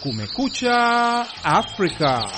Kumekucha Afrika.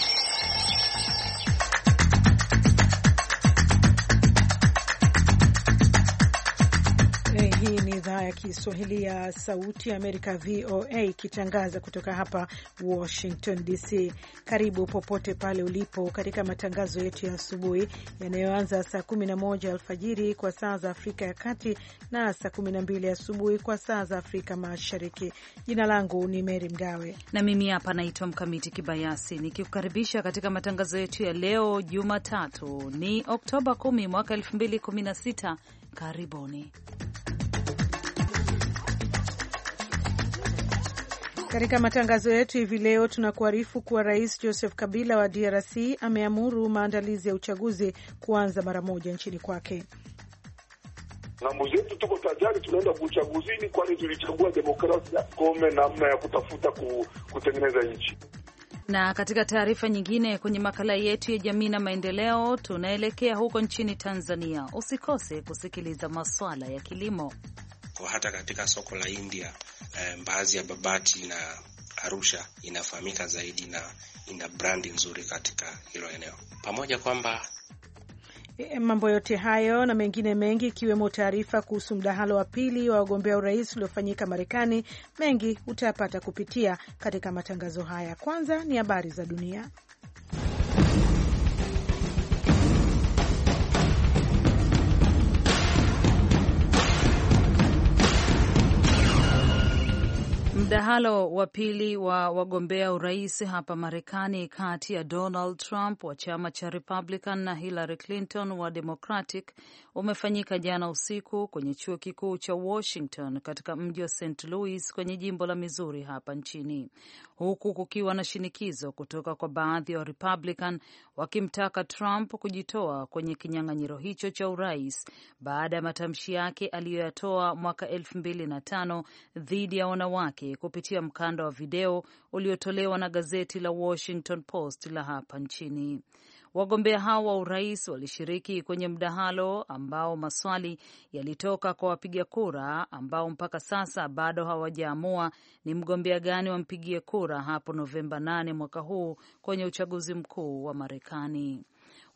ya Kiswahili ya Sauti ya Amerika, VOA, ikitangaza kutoka hapa Washington DC. Karibu popote pale ulipo katika matangazo yetu ya asubuhi yanayoanza saa 11 alfajiri kwa saa za Afrika ya Kati na saa 12 asubuhi kwa saa za Afrika Mashariki. Jina langu ni Meri Mgawe na mimi hapa naitwa Mkamiti Kibayasi nikikukaribisha katika matangazo yetu ya leo Jumatatu ni Oktoba 10 mwaka 2016. Karibuni. Katika matangazo yetu hivi leo tunakuarifu kuwa Rais Joseph Kabila wa DRC ameamuru maandalizi ya uchaguzi kuanza mara moja nchini kwake. Ngambo zetu tuko tajari, tunaenda kuchaguzini, kwani tulichagua demokrasia kome, namna ya kutafuta ku, kutengeneza nchi. Na katika taarifa nyingine kwenye makala yetu ya jamii na maendeleo, tunaelekea huko nchini Tanzania. Usikose kusikiliza maswala ya kilimo kwa hata katika soko la India eh, mbaazi ya Babati na Arusha inafahamika zaidi na ina brandi nzuri katika hilo eneo, pamoja kwamba e, mambo yote hayo na mengine mengi ikiwemo taarifa kuhusu mdahalo wa pili wa wagombea urais uliofanyika Marekani. Mengi utayapata kupitia katika matangazo haya. Kwanza ni habari za dunia. Mdahalo wa pili wa wagombea urais hapa Marekani kati ya Donald Trump wa chama cha Republican na Hillary Clinton wa Democratic umefanyika jana usiku kwenye chuo kikuu cha Washington katika mji wa St. Louis kwenye jimbo la Missouri hapa nchini, huku kukiwa na shinikizo kutoka kwa baadhi ya wa Republican wakimtaka Trump kujitoa kwenye kinyang'anyiro hicho cha urais baada ya matamshi yake aliyoyatoa mwaka elfu mbili na tano dhidi ya wanawake kupitia mkanda wa video uliotolewa na gazeti la Washington Post la hapa nchini. Wagombea hao wa urais walishiriki kwenye mdahalo ambao maswali yalitoka kwa wapiga kura ambao mpaka sasa bado hawajaamua ni mgombea gani wampigie kura hapo Novemba 8 mwaka huu kwenye uchaguzi mkuu wa Marekani.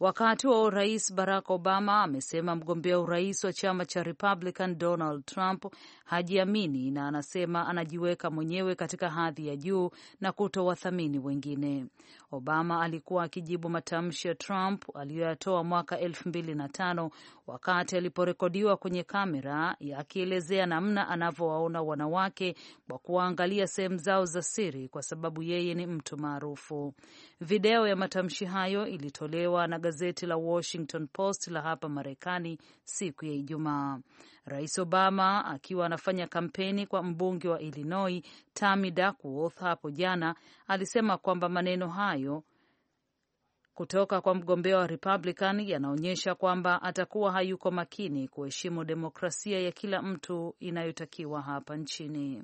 Wakati wa urais, Barack Obama amesema mgombea urais wa chama cha Republican Donald Trump hajiamini na anasema anajiweka mwenyewe katika hadhi ya juu na kutowathamini wengine. Obama alikuwa akijibu matamshi ya Trump aliyoyatoa mwaka elfu mbili na tano wakati aliporekodiwa kwenye kamera akielezea namna anavyowaona wanawake kwa kuwaangalia sehemu zao za siri, kwa sababu yeye ni mtu maarufu. Video ya matamshi hayo ilitolewa na gazeti la Washington Post la hapa Marekani siku ya Ijumaa. Rais Obama akiwa anafanya kampeni kwa mbunge wa Illinois Tammy Duckworth hapo jana alisema kwamba maneno hayo kutoka kwa mgombea wa Republican yanaonyesha kwamba atakuwa hayuko makini kuheshimu demokrasia ya kila mtu inayotakiwa hapa nchini.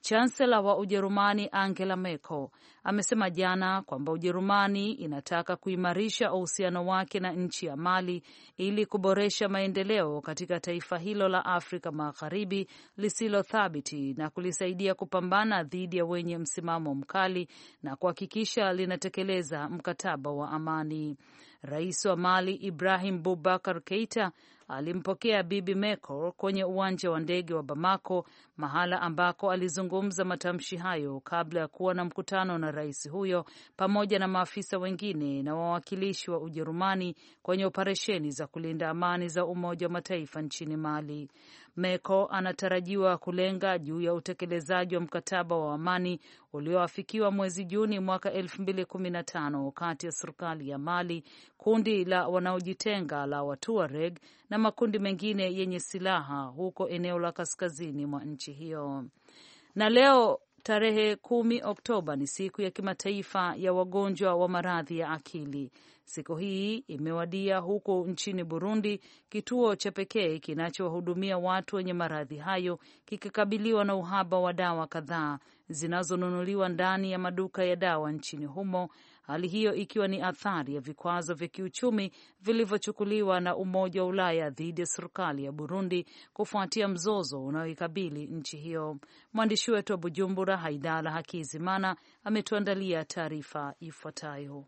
Chansela wa Ujerumani Angela Merkel amesema jana kwamba Ujerumani inataka kuimarisha uhusiano wake na nchi ya Mali ili kuboresha maendeleo katika taifa hilo la Afrika Magharibi lisilo thabiti na kulisaidia kupambana dhidi ya wenye msimamo mkali na kuhakikisha linatekeleza mkataba wa amani. Rais wa Mali Ibrahim Boubacar Keita alimpokea Bibi Merkel kwenye uwanja wa ndege wa Bamako, mahala ambako alizungumza matamshi hayo kabla ya kuwa na mkutano na rais huyo pamoja na maafisa wengine na wawakilishi wa Ujerumani kwenye operesheni za kulinda amani za Umoja wa Mataifa nchini Mali. Meko anatarajiwa kulenga juu ya utekelezaji wa mkataba wa amani ulioafikiwa mwezi Juni mwaka 2015 kati ya serikali ya Mali, kundi la wanaojitenga la Watuareg na makundi mengine yenye silaha huko eneo la kaskazini mwa nchi hiyo. Na leo Tarehe kumi Oktoba ni siku ya kimataifa ya wagonjwa wa maradhi ya akili. Siku hii imewadia huko nchini Burundi, kituo cha pekee kinachowahudumia watu wenye maradhi hayo kikikabiliwa na uhaba wa dawa kadhaa zinazonunuliwa ndani ya maduka ya dawa nchini humo hali hiyo ikiwa ni athari ya vikwazo vya kiuchumi vilivyochukuliwa na Umoja wa Ulaya dhidi ya serikali ya Burundi kufuatia mzozo unaoikabili nchi hiyo. Mwandishi wetu wa Bujumbura, Haidala Hakizimana, ametuandalia taarifa ifuatayo.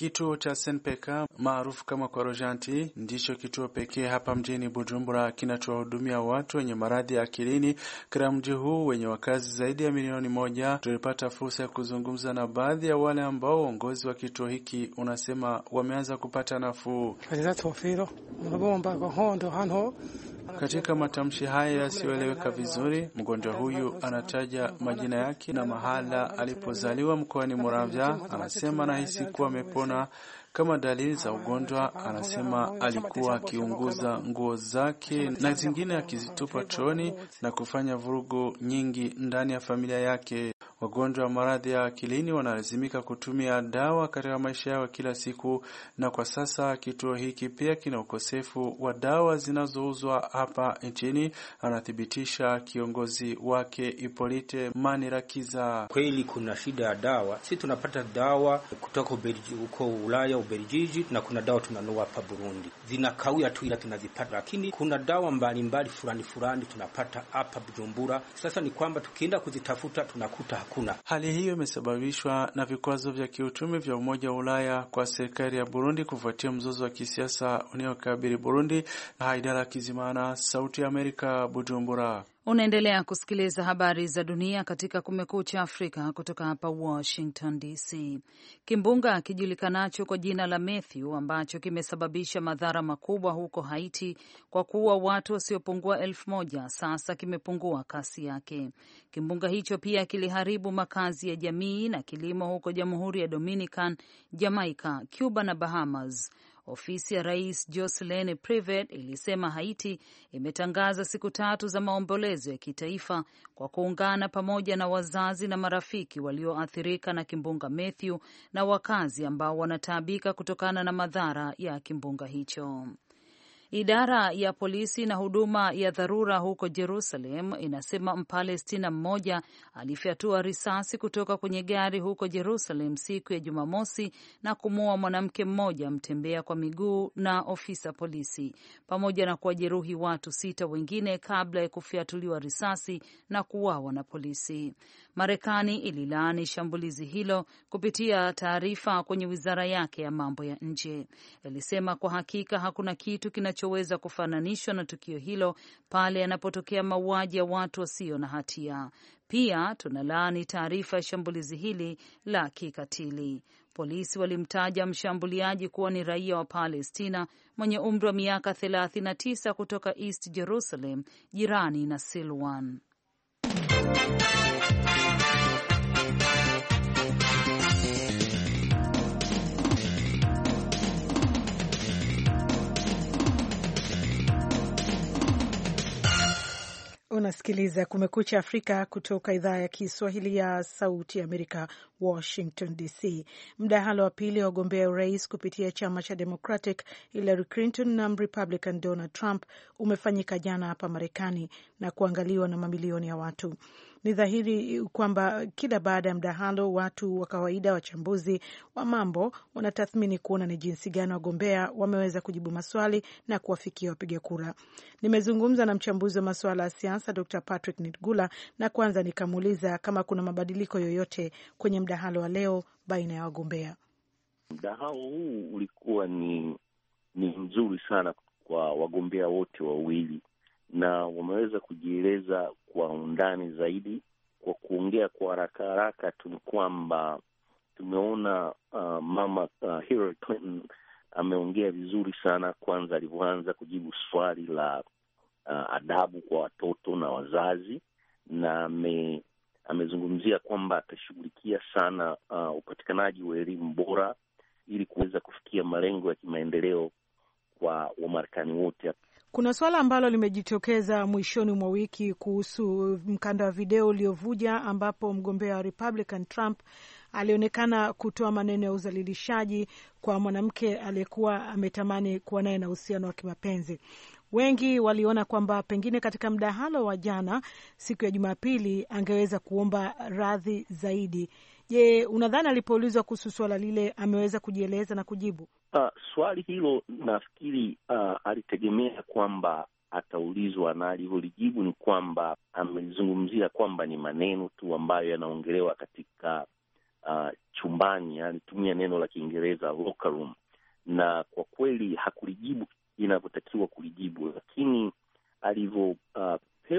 Kituo cha Senpeka maarufu kama Korojanti ndicho kituo pekee hapa mjini Bujumbura kinachowahudumia watu wenye maradhi ya akilini katika mji huu wenye wakazi zaidi ya milioni moja. Tulipata fursa ya kuzungumza na baadhi ya wale ambao uongozi wa kituo hiki unasema wameanza kupata nafuu. Katika matamshi haya yasiyoeleweka vizuri, mgonjwa huyu anataja majina yake na mahala alipozaliwa mkoani Muramvya. Anasema anahisi kuwa amepona kuona kama dalili za ugonjwa. Anasema alikuwa akiunguza nguo zake na zingine akizitupa chooni na kufanya vurugu nyingi ndani ya familia yake. Wagonjwa wa maradhi ya akilini wanalazimika kutumia dawa katika maisha yao kila siku, na kwa sasa kituo hiki pia kina ukosefu wa dawa zinazouzwa hapa nchini, anathibitisha kiongozi wake Ipolite Manirakiza. Kweli kuna shida ya dawa, si tunapata dawa kutoka huko Ulaya, Ubelgiji, na kuna dawa tunanua hapa Burundi, zinakawia tu, ila tunazipata, lakini kuna dawa mbalimbali fulani fulani tunapata hapa Bujumbura. Sasa ni kwamba tukienda kuzitafuta tunakuta hakuna. Hali hiyo imesababishwa na vikwazo vya kiuchumi vya Umoja wa Ulaya kwa serikali ya Burundi kufuatia mzozo wa kisiasa unaokabili Burundi. Haidara Kizimana, Sauti ya Amerika, Bujumbura. Unaendelea kusikiliza habari za dunia katika Kumekucha Afrika kutoka hapa Washington DC. Kimbunga kijulikanacho kwa jina la Matthew ambacho kimesababisha madhara makubwa huko Haiti kwa kuua watu wasiopungua elfu moja sasa kimepungua kasi yake. Kimbunga hicho pia kiliharibu makazi ya jamii na kilimo huko Jamhuri ya Dominican, Jamaica, Cuba na Bahamas. Ofisi ya Rais Jocelyn Privet ilisema Haiti imetangaza siku tatu za maombolezo ya kitaifa kwa kuungana pamoja na wazazi na marafiki walioathirika na kimbunga Matthew na wakazi ambao wanataabika kutokana na madhara ya kimbunga hicho. Idara ya polisi na huduma ya dharura huko Jerusalem inasema Mpalestina mmoja alifyatua risasi kutoka kwenye gari huko Jerusalem siku ya Jumamosi na kumuua mwanamke mmoja mtembea kwa miguu na ofisa polisi, pamoja na kuwajeruhi watu sita wengine kabla ya kufyatuliwa risasi na kuuawa na polisi. Marekani ililaani shambulizi hilo kupitia taarifa kwenye wizara yake ya mambo ya nje. Ilisema kwa hakika hakuna kitu kina kinachoweza kufananishwa na tukio hilo pale yanapotokea mauaji ya watu wasio na hatia. Pia tunalaani taarifa ya shambulizi hili la kikatili. Polisi walimtaja mshambuliaji kuwa ni raia wa Palestina mwenye umri wa miaka 39 kutoka East Jerusalem, jirani na Silwan. unasikiliza Kumekucha Afrika kutoka idhaa ya Kiswahili ya Sauti Amerika, Washington DC. Mdahalo wa pili wa wagombea urais kupitia chama cha Democratic Hillary Clinton na Republican Donald Trump umefanyika jana hapa Marekani na kuangaliwa na mamilioni ya watu. Ni dhahiri kwamba kila baada ya mdahalo, watu wa kawaida, wachambuzi wa mambo, wanatathmini kuona ni jinsi gani wagombea wameweza kujibu maswali na kuwafikia wapiga kura. Nimezungumza na mchambuzi wa masuala ya siasa Dr Patrick Nigula, na kwanza nikamuuliza kama kuna mabadiliko yoyote kwenye mdahalo wa leo baina ya wagombea. Mdahalo huu ulikuwa ni ni mzuri sana kwa wagombea wote wawili, na wameweza kujieleza kwa undani zaidi. Kwa kuongea kwa haraka haraka tu ni kwamba tumeona uh, mama uh, Hillary Clinton ameongea vizuri sana, kwanza alivyoanza kujibu swali la uh, adabu kwa watoto na wazazi, na amezungumzia kwamba atashughulikia sana uh, upatikanaji wa elimu bora ili kuweza kufikia malengo ya kimaendeleo kwa Wamarekani wote. Kuna suala ambalo limejitokeza mwishoni mwa wiki kuhusu mkanda wa video uliovuja ambapo mgombea wa Republican Trump alionekana kutoa maneno ya uzalilishaji kwa mwanamke aliyekuwa ametamani kuwa naye na uhusiano wa kimapenzi. Wengi waliona kwamba pengine katika mdahalo wa jana siku ya Jumapili angeweza kuomba radhi zaidi. Je, unadhani alipoulizwa kuhusu suala lile ameweza kujieleza na kujibu? Uh, swali hilo nafikiri uh, alitegemea kwamba ataulizwa na alivyolijibu ni kwamba amelizungumzia kwamba ni maneno tu ambayo yanaongelewa katika uh, chumbani. Alitumia neno la Kiingereza locker room, na kwa kweli hakulijibu inavyotakiwa kulijibu, lakini alivyopewa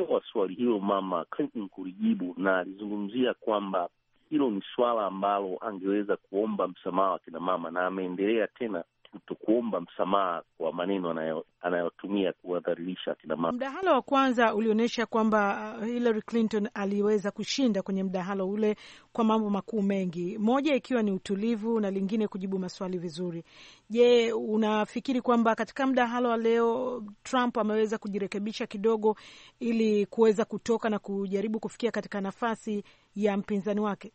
uh, swali hilo Mama Clinton kulijibu, na alizungumzia kwamba hilo ni swala ambalo angeweza kuomba msamaha wa kina mama, na ameendelea tena kutokuomba msamaha kwa maneno anayotumia kuwadhalilisha akina mama. Mdahalo wa kwanza ulionyesha kwamba uh, Hillary Clinton aliweza kushinda kwenye mdahalo ule kwa mambo makuu mengi, moja ikiwa ni utulivu na lingine kujibu maswali vizuri. Je, unafikiri kwamba katika mdahalo wa leo Trump ameweza kujirekebisha kidogo ili kuweza kutoka na kujaribu kufikia katika nafasi ya mpinzani wake?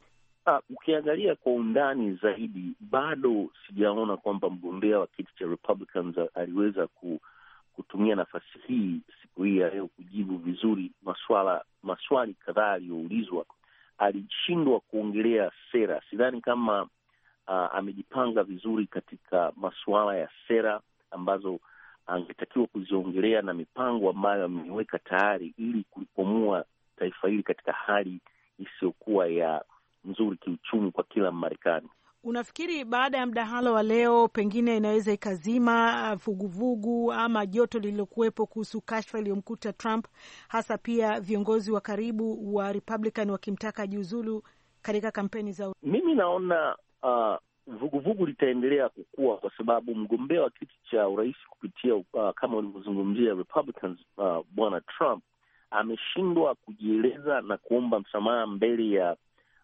Uh, ukiangalia kwa undani zaidi bado sijaona kwamba mgombea wa kiti cha Republicans aliweza ku, kutumia nafasi hii siku hii ya leo kujibu vizuri maswala maswali kadhaa aliyoulizwa. Alishindwa kuongelea sera. Sidhani kama uh, amejipanga vizuri katika masuala ya sera ambazo angetakiwa kuziongelea na mipango ambayo ameiweka tayari ili kulikwamua taifa hili katika hali isiyokuwa ya nzuri kiuchumi kwa kila Mmarekani. Unafikiri baada ya mdahalo wa leo pengine inaweza ikazima uh, vuguvugu ama joto lililokuwepo kuhusu kashfa iliyomkuta Trump, hasa pia viongozi wa karibu wa Republican wakimtaka jiuzulu katika kampeni za... Mimi naona uh, vuguvugu litaendelea kukua kwa sababu mgombea wa kiti cha urais kupitia uh, kama ulivyozungumzia Republicans, uh, bwana Trump ameshindwa kujieleza na kuomba msamaha mbele ya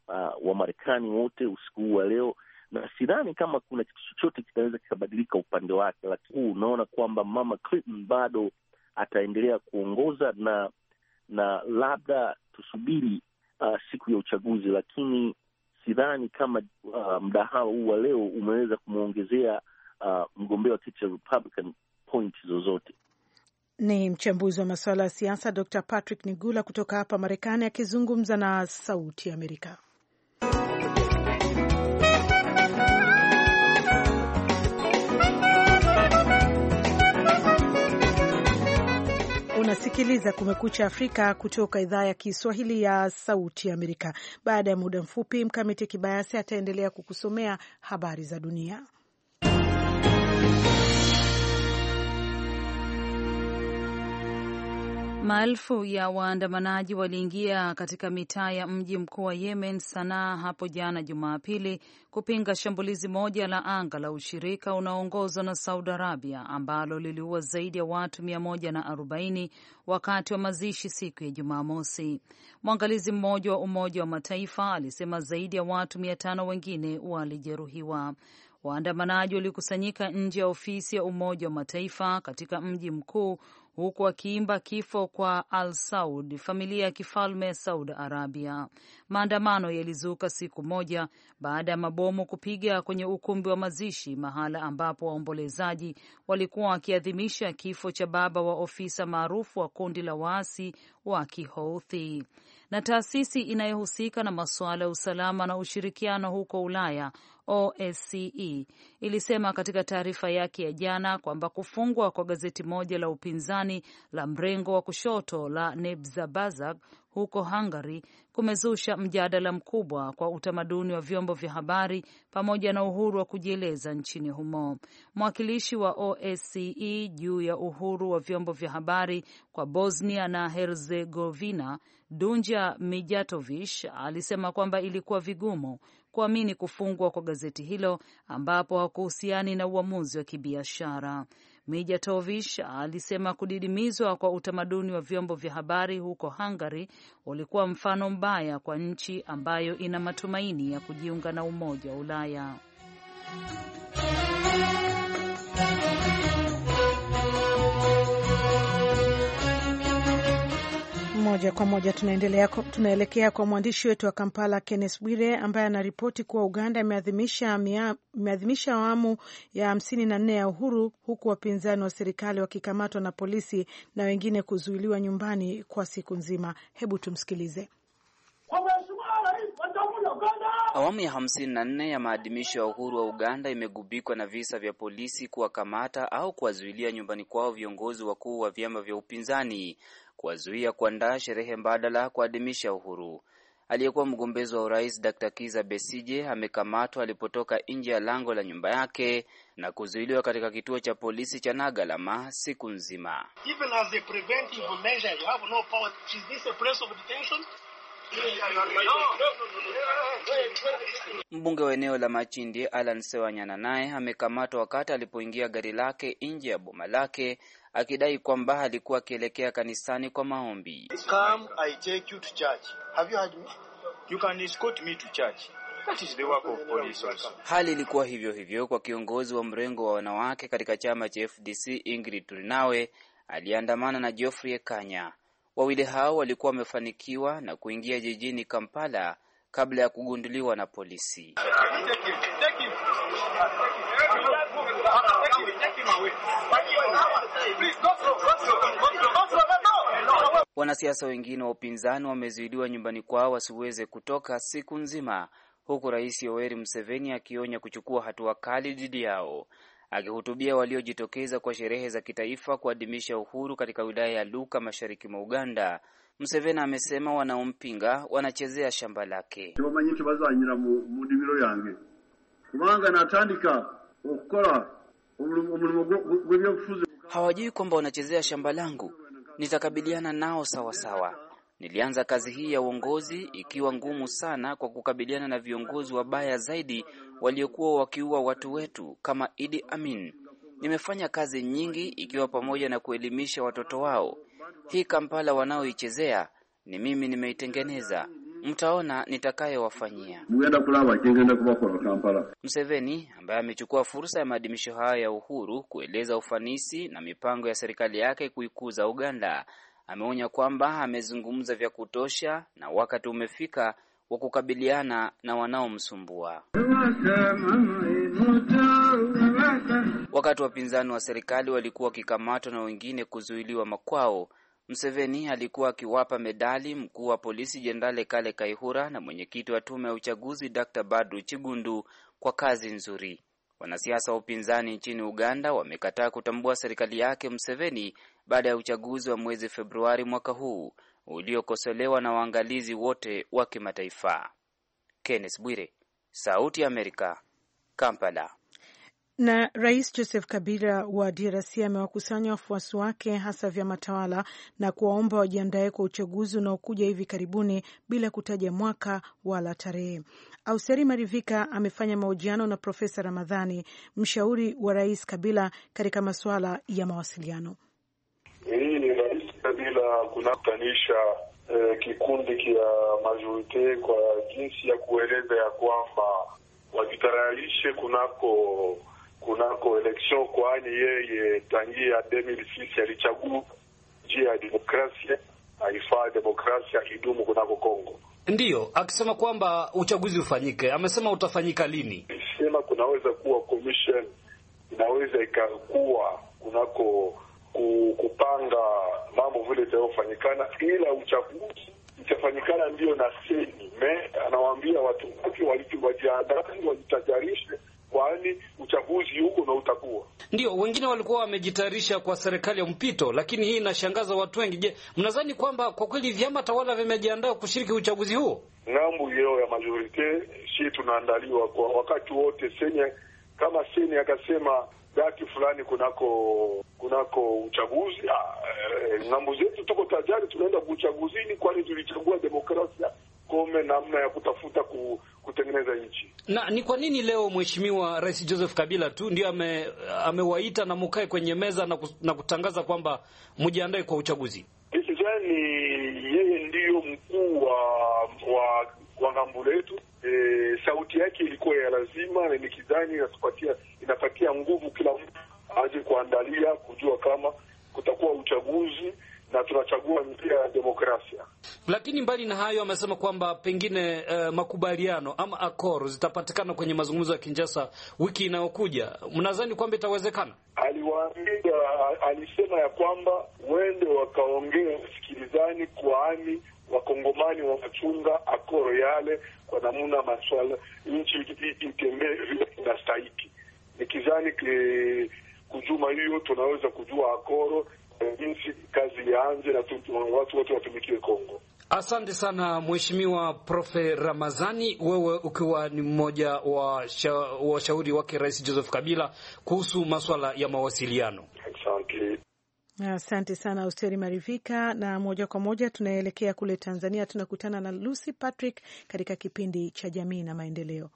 uh, Wamarekani wote usiku huu wa leo, na sidhani kama kuna kitu chochote kitaweza kikabadilika upande wake, lakini unaona kwamba mama Clinton bado ataendelea kuongoza na na labda tusubiri uh, siku ya uchaguzi, lakini sidhani kama uh, mdahalo huu wa leo umeweza kumwongezea uh, mgombea wa kiti cha Republican point zozote. Ni mchambuzi wa masuala ya siasa Dr Patrick Nigula kutoka hapa Marekani akizungumza na Sauti ya Amerika. Unasikiliza Kumekucha Afrika kutoka idhaa ya Kiswahili ya Sauti Amerika. Baada ya muda mfupi, Mkamiti Kibayasi ataendelea kukusomea habari za dunia. Maelfu ya waandamanaji waliingia katika mitaa ya mji mkuu wa Yemen, Sanaa, hapo jana Jumapili kupinga shambulizi moja la anga la ushirika unaoongozwa na Saudi Arabia ambalo liliua zaidi ya watu 140 wakati wa mazishi siku ya Jumamosi. Mwangalizi mmoja wa Umoja wa Mataifa alisema zaidi ya watu 500 wengine walijeruhiwa. Waandamanaji walikusanyika nje ya ofisi ya Umoja wa Mataifa katika mji mkuu huku wakiimba kifo kwa Al Saud, familia ya kifalme ya Saudi Arabia. Maandamano yalizuka siku moja baada ya mabomu kupiga kwenye ukumbi wa mazishi, mahala ambapo waombolezaji walikuwa wakiadhimisha kifo cha baba wa ofisa maarufu wa kundi la waasi wa Kihouthi na taasisi inayohusika na masuala ya usalama na ushirikiano huko Ulaya OSCE ilisema katika taarifa yake ya jana kwamba kufungwa kwa gazeti moja la upinzani la mrengo wa kushoto la nebzabazak huko Hungary kumezusha mjadala mkubwa kwa utamaduni wa vyombo vya habari pamoja na uhuru wa kujieleza nchini humo. Mwakilishi wa OSCE juu ya uhuru wa vyombo vya habari kwa Bosnia na Herzegovina, Dunja Mijatovic, alisema kwamba ilikuwa vigumu kuamini kufungwa kwa gazeti hilo ambapo hakuhusiani na uamuzi wa kibiashara tovish alisema kudidimizwa kwa utamaduni wa vyombo vya habari huko Hungary ulikuwa mfano mbaya kwa nchi ambayo ina matumaini ya kujiunga na Umoja wa Ulaya. Moja kwa moja tunaendelea, tunaelekea kwa mwandishi wetu wa Kampala, Kenneth Bwire, ambaye anaripoti kuwa Uganda imeadhimisha awamu ya hamsini na nne ya uhuru, huku wapinzani wa serikali wakikamatwa na polisi na wengine kuzuiliwa nyumbani kwa siku nzima. Hebu tumsikilize. Awamu ya hamsini na nne ya maadhimisho ya uhuru wa Uganda imegubikwa na visa vya polisi kuwakamata au kuwazuilia nyumbani kwao viongozi wakuu wa vyama vya upinzani, kuwazuia kuandaa sherehe mbadala kuadhimisha uhuru. Aliyekuwa mgombezi wa urais Dr. Kiza Besije amekamatwa alipotoka nje ya lango la nyumba yake na kuzuiliwa katika kituo cha polisi cha Nagalama siku nzima. Even as Mbunge wa eneo la Machindi Alan Sewanyana naye amekamatwa wakati alipoingia gari lake nje ya boma lake akidai kwamba alikuwa akielekea kanisani kwa maombi. Hali ilikuwa hivyo hivyo kwa kiongozi wa mrengo wa wanawake katika chama cha FDC Ingrid Turinawe aliyeandamana na Geoffrey Kanya. Wawili hao walikuwa wamefanikiwa na kuingia jijini Kampala kabla ya kugunduliwa na polisi. Wanasiasa wengine wa upinzani wamezuiliwa nyumbani kwao wasiweze kutoka siku nzima, huku Rais Yoweri Museveni akionya kuchukua hatua kali dhidi yao. Akihutubia waliojitokeza kwa sherehe za kitaifa kuadhimisha uhuru katika wilaya ya Luka mashariki mwa Uganda, Museveni amesema wanaompinga wanachezea shamba lake. bazanyira mu yange kubanga natandika okukora omulimo gwebyobufuzi. Hawajui kwamba wanachezea shamba langu, nitakabiliana nao sawasawa sawa. Nilianza kazi hii ya uongozi ikiwa ngumu sana kwa kukabiliana na viongozi wabaya zaidi waliokuwa wakiua watu wetu kama Idi Amin. Nimefanya kazi nyingi ikiwa pamoja na kuelimisha watoto wao. Hii Kampala wanaoichezea ni mimi nimeitengeneza. Mtaona nitakayowafanyia. mseveni ambaye amechukua fursa ya maadhimisho hayo ya uhuru kueleza ufanisi na mipango ya serikali yake kuikuza Uganda ameonya kwamba amezungumza vya kutosha na wakati umefika wa kukabiliana na wanaomsumbua. Wakati wapinzani wa serikali walikuwa wakikamatwa na wengine kuzuiliwa makwao, Mseveni alikuwa akiwapa medali mkuu wa polisi Jenerali Kale Kaihura na mwenyekiti wa tume ya uchaguzi Dr. badru Chigundu kwa kazi nzuri. Wanasiasa wa upinzani nchini Uganda wamekataa kutambua serikali yake mseveni baada ya uchaguzi wa mwezi Februari mwaka huu uliokosolewa na waangalizi wote wa kimataifa. Kenneth Bwire, Sauti ya Amerika, Kampala. Na Rais Joseph Kabila wa DRC amewakusanya wafuasi wake hasa vyama tawala na kuwaomba wajiandae kwa uchaguzi unaokuja hivi karibuni bila kutaja mwaka wala tarehe. Auseri Marivika amefanya mahojiano na Profesa Ramadhani, mshauri wa Rais Kabila katika masuala ya mawasiliano. Hii ni Rais Kabila kunakutanisha eh, kikundi kia majorite kwa jinsi ya kueleza ya kwamba wajitayarishe kunako kunako election, kwani yeye tangia 2006 alichagua njia ya demokrasia, haifaa demokrasia idumu kunako Kongo. Ndiyo akisema kwamba uchaguzi ufanyike, amesema utafanyika lini? Sema kunaweza kuwa commission inaweza ikakuwa kunako kupanga mambo vile itayofanyikana, ila uchaguzi itafanyikana ndiyo na seni me anawaambia watu wake wajiandani, wajitajarishe kwani uchaguzi huko na utakuwa ndio. Wengine walikuwa wamejitayarisha kwa serikali ya mpito, lakini hii inashangaza watu wengi. Je, mnadhani kwamba kwa kweli vyama tawala vimejiandaa kushiriki uchaguzi huo? Ng'ambo yeo ya majorite, si tunaandaliwa kwa wakati wote senye kama seni akasema dati fulani kunako kunako uchaguzi ah, eh, ng'ambo zetu tuko tajari, tunaenda kuchaguzini, kwani tulichagua demokrasia kome namna ya kutafuta ku, kutengeneza nchi. Na ni kwa nini leo mheshimiwa Rais Joseph Kabila tu ndio ame, amewaita na mukae kwenye meza na, kus, na kutangaza kwamba mjiandae kwa uchaguzi? Kisijani yeye ndiyo mkuu wa, wa, wa ng'ambo letu e, sauti yake ilikuwa ya lazima, na nikidhani inatupatia inapatia nguvu kila mtu aje kuandalia kujua kama kutakuwa uchaguzi na tunachagua njia ya demokrasia. Lakini mbali na hayo, amesema kwamba pengine uh, makubaliano ama akoro zitapatikana kwenye mazungumzo ya Kinjasa wiki inayokuja. Mnadhani kwamba itawezekana? Aliwaambia, alisema ya kwamba wende wakaongea sidhani kwani wakongomani wanachunga akoro yale kwa namuna maswala nchi itembee vile inastahiki. Nikizani kujuma hiyo tunaweza kujua akoro jinsi kazi yaanze na watu wote watumikie Kongo. Asante sana Mheshimiwa Profe Ramazani, wewe ukiwa ni mmoja wa washauri wake Rais Joseph Kabila kuhusu maswala ya mawasiliano. Asante sana Austeri Marivika, na moja kwa moja tunaelekea kule Tanzania. Tunakutana na Lucy Patrick katika kipindi cha Jamii na Maendeleo.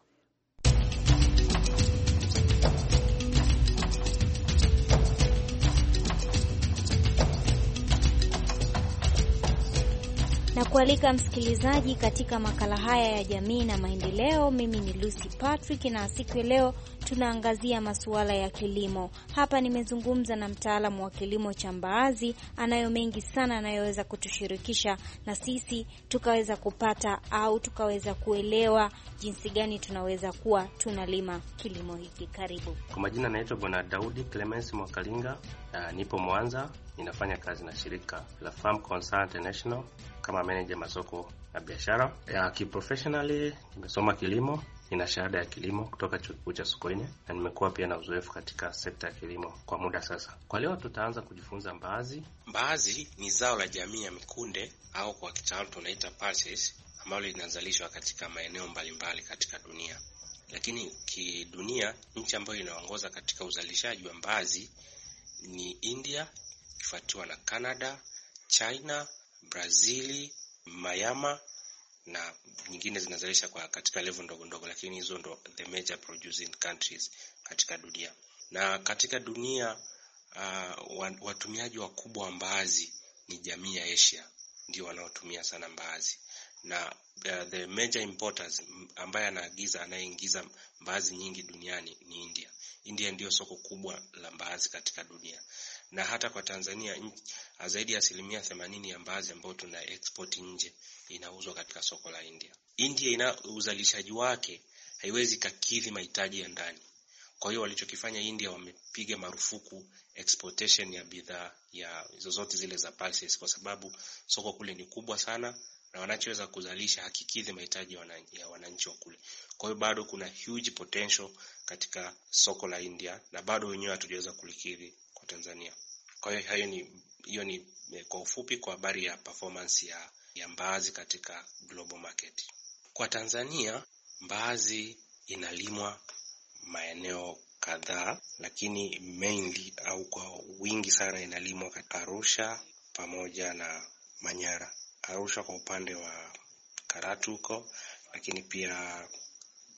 na kualika msikilizaji katika makala haya ya jamii na maendeleo. Mimi ni Lucy Patrick na siku ya leo tunaangazia masuala ya kilimo. Hapa nimezungumza na mtaalamu wa kilimo cha mbaazi, anayo mengi sana anayoweza kutushirikisha na sisi tukaweza kupata au tukaweza kuelewa jinsi gani tunaweza kuwa tunalima kilimo hiki. Karibu. Kwa majina anaitwa Bwana Daudi Clemens Mwakalinga Uh, nipo Mwanza, ninafanya kazi na shirika la Farm Concern International kama manager masoko na biashara. Ya kiprofessionally nimesoma kilimo, nina shahada ya kilimo kutoka chuo kikuu cha Sokoine na nimekuwa pia na uzoefu katika sekta ya kilimo kwa muda sasa. Kwa leo tutaanza kujifunza mbaazi. Mbaazi ni zao la jamii ya mikunde au kwa kitaalamu tunaita pulses, ambalo linazalishwa katika maeneo mbalimbali katika dunia, lakini kidunia nchi ambayo inaongoza katika uzalishaji wa mbaazi ni India, ikifuatiwa na Canada, China, Brazili, Mayama na nyingine zinazalisha kwa katika level ndogo ndogo, lakini hizo ndo the major producing countries katika dunia. Na katika dunia uh, watumiaji wakubwa wa mbaazi ni jamii ya Asia, ndio wanaotumia sana mbaazi na uh, the major importers ambaye anaagiza anayeingiza mbaazi nyingi duniani ni India. India ndiyo soko kubwa la mbaazi katika dunia, na hata kwa Tanzania zaidi ya asilimia themanini ya mbaazi ambayo tuna export nje inauzwa katika soko la India. India ina uzalishaji wake haiwezi kakidhi mahitaji ya ndani. Kwa hiyo walichokifanya India, wamepiga marufuku exportation ya bidhaa ya zozote zile za pulses, kwa sababu soko kule ni kubwa sana na wanachoweza kuzalisha hakikidhi mahitaji ya wananchi wa kule. Kwa hiyo bado kuna huge potential katika soko la India na bado wenyewe hatujaweza kulikidhi kwa Tanzania. Kwa hiyo hayo ni hiyo ni eh, kwa ufupi kwa habari ya performance ya, ya mbaazi katika global market. Kwa Tanzania mbaazi inalimwa maeneo kadhaa, lakini mainly au kwa wingi sana inalimwa katika Arusha pamoja na Manyara. Arusha kwa upande wa Karatu huko, lakini pia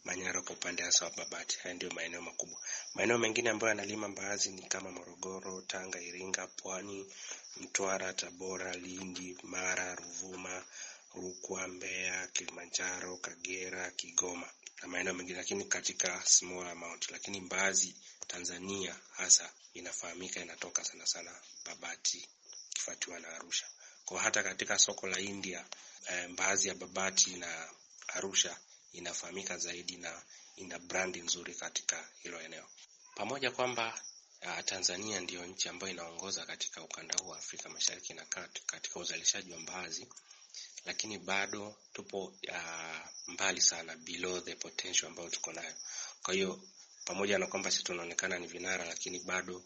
Manyara kwa upande hasa wa Babati. Haya ndio maeneo makubwa. Maeneo mengine ambayo yanalima mbaazi ni kama Morogoro, Tanga, Iringa, Pwani, Mtwara, Tabora, Lindi, Mara, Ruvuma, Rukwa, Mbeya, Kilimanjaro, Kagera, Kigoma na maeneo mengine, lakini katika small amount. Lakini mbaazi Tanzania hasa inafahamika inatoka sana sana Babati, kifuatiwa na Arusha. Kwa hata katika soko la India eh, mbaazi ya Babati na Arusha inafahamika zaidi na ina brandi nzuri katika hilo eneo, pamoja kwamba uh, Tanzania ndiyo nchi ambayo inaongoza katika ukanda huu wa Afrika Mashariki na Kati katika uzalishaji wa mbaazi, lakini bado tupo uh, mbali sana, below the potential ambayo tuko nayo. Kwa hiyo pamoja na kwamba sisi tunaonekana ni vinara, lakini bado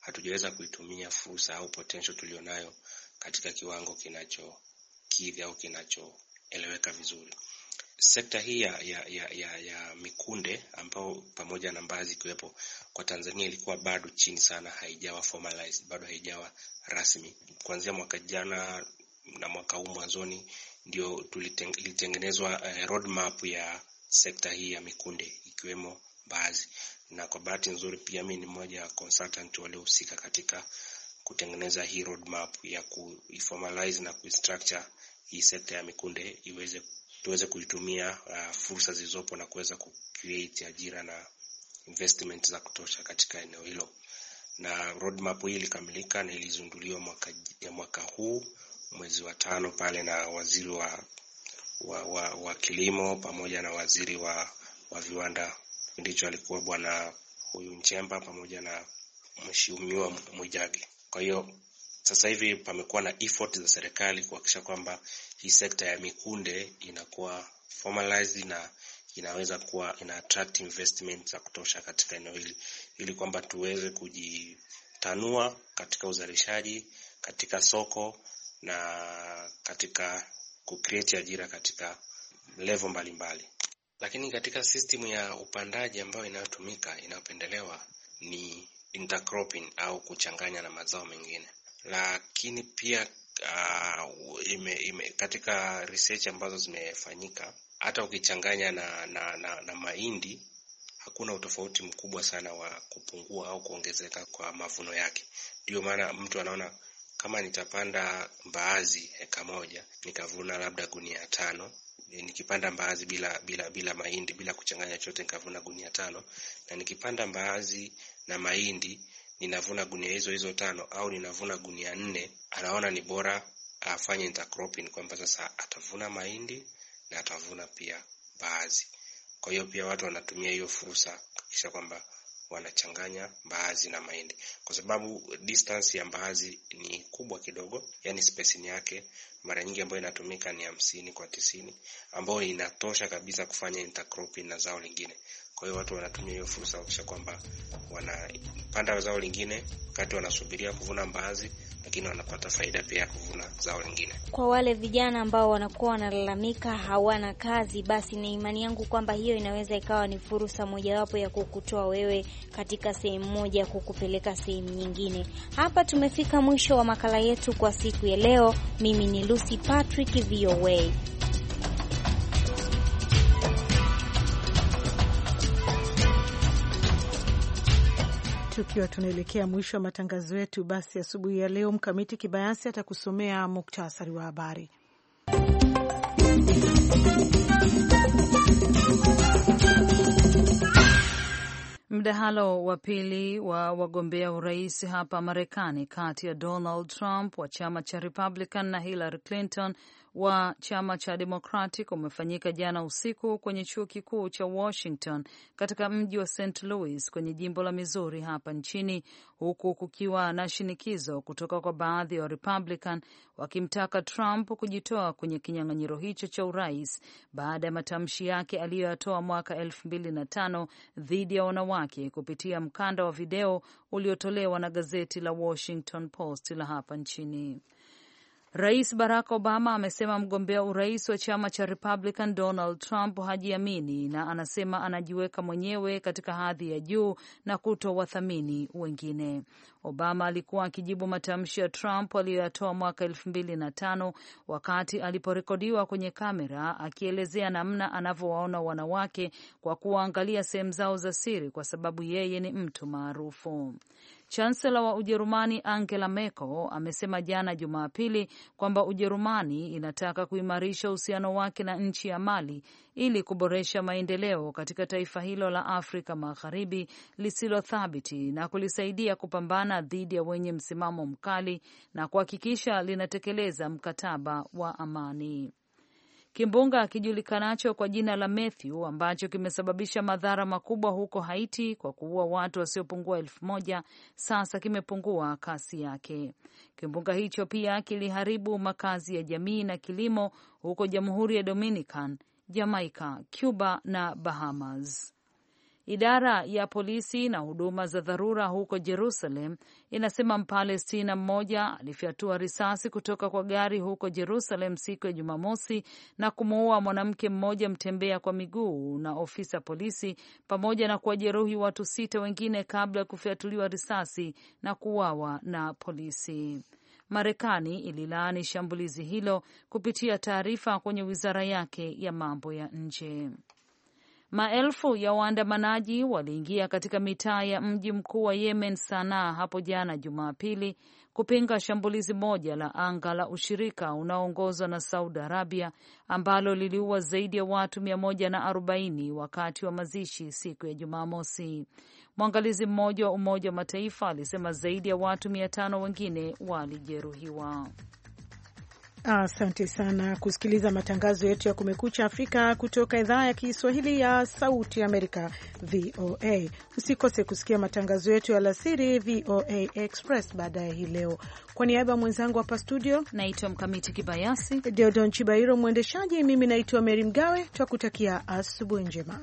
hatujaweza kuitumia fursa au potential tulionayo katika kiwango kinachokidhi au kinachoeleweka vizuri. Sekta hii ya, ya, ya, ya ya mikunde ambao pamoja na mbazi ikiwepo kwa Tanzania ilikuwa bado chini sana, haijawa formalized, bado haijawa rasmi. Kuanzia mwaka jana na mwaka huu mwanzoni ndio ilitengenezwa eh, roadmap ya sekta hii ya mikunde ikiwemo mbazi, na kwa bahati nzuri pia mimi ni mmoja wa consultant waliohusika katika kutengeneza hii roadmap ya kuiformalize na kuistructure hii sekta ya mikunde iweze tuweze kuitumia uh, fursa zilizopo na kuweza kucreate ajira na investment za kutosha katika eneo hilo. Na roadmap hii ilikamilika na ilizunduliwa mwaka, mwaka huu mwezi wa tano pale na waziri wa, wa, wa, wa kilimo pamoja na waziri wa, wa viwanda ndicho alikuwa bwana huyu Nchemba pamoja na mheshimiwa Mwijage. Kwa hiyo sasa hivi pamekuwa na effort za serikali kuhakikisha kwamba hii sekta ya mikunde inakuwa formalized na inaweza kuwa ina attract investment za kutosha katika eneo hili ili kwamba tuweze kujitanua katika uzalishaji, katika soko na katika kucreate ajira katika level mbalimbali. Lakini katika system ya upandaji ambayo inayotumika inayopendelewa ni intercropping au kuchanganya na mazao mengine, lakini pia uh, ime, ime, katika research ambazo zimefanyika hata ukichanganya na, na, na, na mahindi hakuna utofauti mkubwa sana wa kupungua au kuongezeka kwa mavuno yake. Ndiyo maana mtu anaona kama nitapanda mbaazi heka moja nikavuna labda gunia tano, nikipanda mbaazi bila bila bila mahindi bila kuchanganya chote nikavuna gunia tano, na nikipanda mbaazi na mahindi ninavuna gunia hizo hizo tano au ninavuna gunia nne, anaona ni bora afanye intercropping kwamba sasa atavuna mahindi na atavuna pia mbaazi. Kwa hiyo pia watu wanatumia hiyo fursa kisha kwamba wanachanganya mbaazi na mahindi, kwa sababu distance ya mbaazi ni kubwa kidogo, yani spacing yake mara nyingi ambayo inatumika ni hamsini kwa tisini ambayo inatosha kabisa kufanya intercropping na zao lingine. Kwa hiyo watu wanatumia hiyo fursa kuhakikisha kwamba wanapanda zao lingine wakati wanasubiria kuvuna mbaazi lakini wanapata faida pia ya kuvuna zao lingine. Kwa wale vijana ambao wanakuwa wanalalamika hawana kazi, basi ni imani yangu kwamba hiyo inaweza ikawa ni fursa mojawapo ya kukutoa wewe katika sehemu moja ya kukupeleka sehemu nyingine. Hapa tumefika mwisho wa makala yetu kwa siku ya leo. Mimi ni Lucy Patrick, VOA. tukiwa tunaelekea mwisho wa matangazo yetu, basi asubuhi ya leo Mkamiti Kibayasi atakusomea muktasari wa habari. Mdahalo wa pili wa wagombea urais hapa Marekani kati ya Donald Trump wa chama cha Republican na Hillary Clinton wa chama cha Democratic umefanyika jana usiku kwenye chuo kikuu cha Washington katika mji wa St. Louis kwenye jimbo la Missouri hapa nchini, huku kukiwa na shinikizo kutoka kwa baadhi ya wa Republican wakimtaka Trump kujitoa kwenye kinyang'anyiro hicho cha urais baada ya matamshi yake aliyoyatoa mwaka elfu mbili na tano dhidi ya wanawake kupitia mkanda wa video uliotolewa na gazeti la Washington Post la hapa nchini. Rais Barack Obama amesema mgombea urais wa chama cha Republican Donald Trump hajiamini na anasema anajiweka mwenyewe katika hadhi ya juu na kutowathamini wengine. Obama alikuwa akijibu matamshi ya Trump aliyoyatoa mwaka elfu mbili na tano wakati aliporekodiwa kwenye kamera akielezea namna anavyowaona wanawake kwa kuwaangalia sehemu zao za siri, kwa sababu yeye ni mtu maarufu. Chansela wa Ujerumani Angela Merkel amesema jana Jumapili kwamba Ujerumani inataka kuimarisha uhusiano wake na nchi ya Mali ili kuboresha maendeleo katika taifa hilo la Afrika Magharibi lisilothabiti na kulisaidia kupambana dhidi ya wenye msimamo mkali na kuhakikisha linatekeleza mkataba wa amani. Kimbunga kijulikanacho kwa jina la Matthew ambacho kimesababisha madhara makubwa huko Haiti kwa kuua watu wasiopungua elfu moja sasa kimepungua kasi yake. Kimbunga hicho pia kiliharibu makazi ya jamii na kilimo huko Jamhuri ya Dominican, Jamaica, Cuba na Bahamas. Idara ya polisi na huduma za dharura huko Jerusalem inasema Mpalestina mmoja alifyatua risasi kutoka kwa gari huko Jerusalem siku ya Jumamosi na kumuua mwanamke mmoja mtembea kwa miguu na ofisa polisi pamoja na kuwajeruhi watu sita wengine kabla ya kufyatuliwa risasi na kuuawa na polisi. Marekani ililaani shambulizi hilo kupitia taarifa kwenye wizara yake ya mambo ya nje. Maelfu ya waandamanaji waliingia katika mitaa ya mji mkuu wa Yemen, Sanaa, hapo jana Jumapili kupinga shambulizi moja la anga la ushirika unaoongozwa na Saudi Arabia ambalo liliua zaidi ya watu 140 wakati wa mazishi siku ya Jumamosi. Mwangalizi mmoja wa Umoja wa Mataifa alisema zaidi ya watu 500 wengine walijeruhiwa. Asante sana kusikiliza matangazo yetu ya Kumekucha Afrika kutoka idhaa ya Kiswahili ya Sauti Amerika, VOA. Usikose kusikia matangazo yetu ya alasiri, VOA Express, baadaye hii leo. Kwa niaba ya mwenzangu hapa studio, naitwa Mkamiti Kibayasi, Deodon Chibairo mwendeshaji, mimi naitwa Meri Mgawe. Twakutakia asubuhi njema.